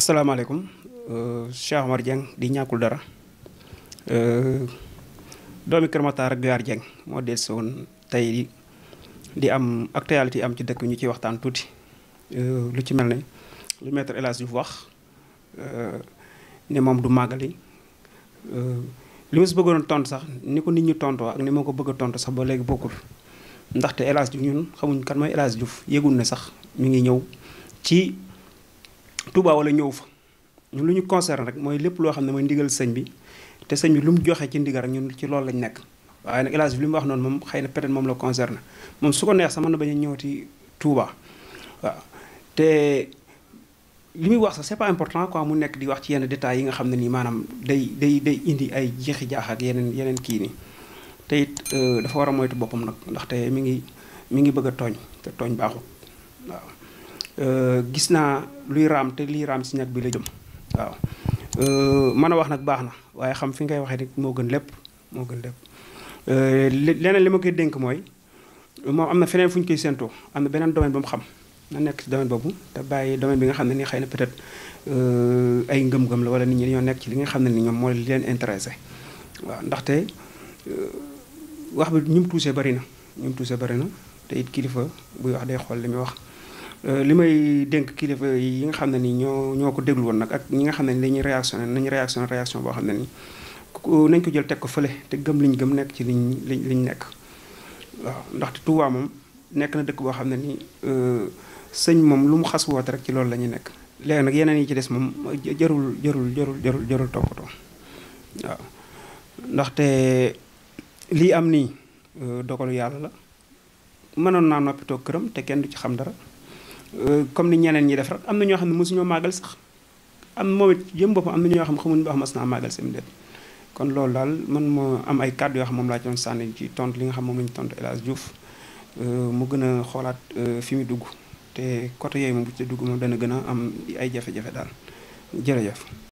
asalaamaaleykum euh, Cheikh Omar Dieng di ñàkkul dara euh, doomi Kër Matar ak Guyar Dieng moo dee si tey di am actualité am ci dëkk ñu ciy waxtaan tuuti euh, lu ci mel ne lu maître El Hadji Diouf wax ne moom du màggali li ma si bëggoon tontu sax ni ko nit ñi tontoo ak ni ma ko bëgg a tontu sax ba léegi bokkul ndaxte El Hadji ñun xamuñ kan mooy El Hadji Diouf ne sax mi ngi ñëw ci. Touba wala ñëw fa ñun lu ñu concerne rek mooy lépp loo xam ne mooy ndigal sëñ bi te sëñ bi lu mu joxe ci ndigal rek ñun ci loolu lañ nekk waaye nag élage bi li mu wax noonu moom xay na peut-être moom la concerne moom su ko neex sax mën na bañ a ñëwati Touba waaw te li muy wax sax c'est pas important quoi mu nekk di wax ci yenn détails yi nga xam ne nii maanaam day day day indi ay jeexi jaax ak yeneen yeneen kii nii te it euh, dafa war a moytu boppam nag ndaxte mi ngi mi ngi bëgg a tooñ te tooñ Euh, gis naa luy raam te liy raam si ñag bi la jëm waaw euh, mën a wax nag baax na waaye xam fi ngay waxee rek moo gën lépp moo gën lépp euh, leneen li ma koy dénk mooy moo am na feneen fu ñu koy séentoo am na beneen domaine bu mu xam na nekk si domaine boobu te bàyyi domaine bi nga xam ne ni xëy na peut-être ay ngëm-ngëm la wala nit ñi dañoo nekk ci li nga xam ne nii ñoom moo leen intéressé waaw ndaxte wax bi ñu mu tuusee bari na ñu mu tuusee bari na te it kilifa buy wax day xool li muy wax Euh, li may dénk kilifa yi nga xam ne nii ñoo ñoo ko déglu woon nag ak ñi nga xam ne ni dañuy réactionné nañu réaction réaction boo xam ne nii nañ ko jël teg ko fële te gëm liñ gëm nekk ci liñ liñ liñ nekk waaw ndaxte Touba moom nekk na dëkk boo xam ne nii euh, sëñ moom lu mu xas woote rek ci loolu lañuy nekk léegi nag yeneen yi ci des moom jarul jarul jarul jarul jarul toppatoo waaw ndaxte lii am nii euh, dogalu yàlla la mënoon naa noppitoo këram te kenn du ci xam dara Euh, comme ni ñeneen ñi def rek am na ñoo xam ne mosuñoo màggal sax am moom it jëm boppam am na ñoo xam xamuñ ba mas naa màggal seen déet kon loolu daal man moo am ay kàddu yoo xam moom laa ci sànni ci tontu li nga xam moom lañu tontu El Hadj euh, mu gën a xoolaat euh, fi mu dugg te côté yooyu moom bu ci dugg moom dana gën a am ay jafe-jafe daal jërëjëf.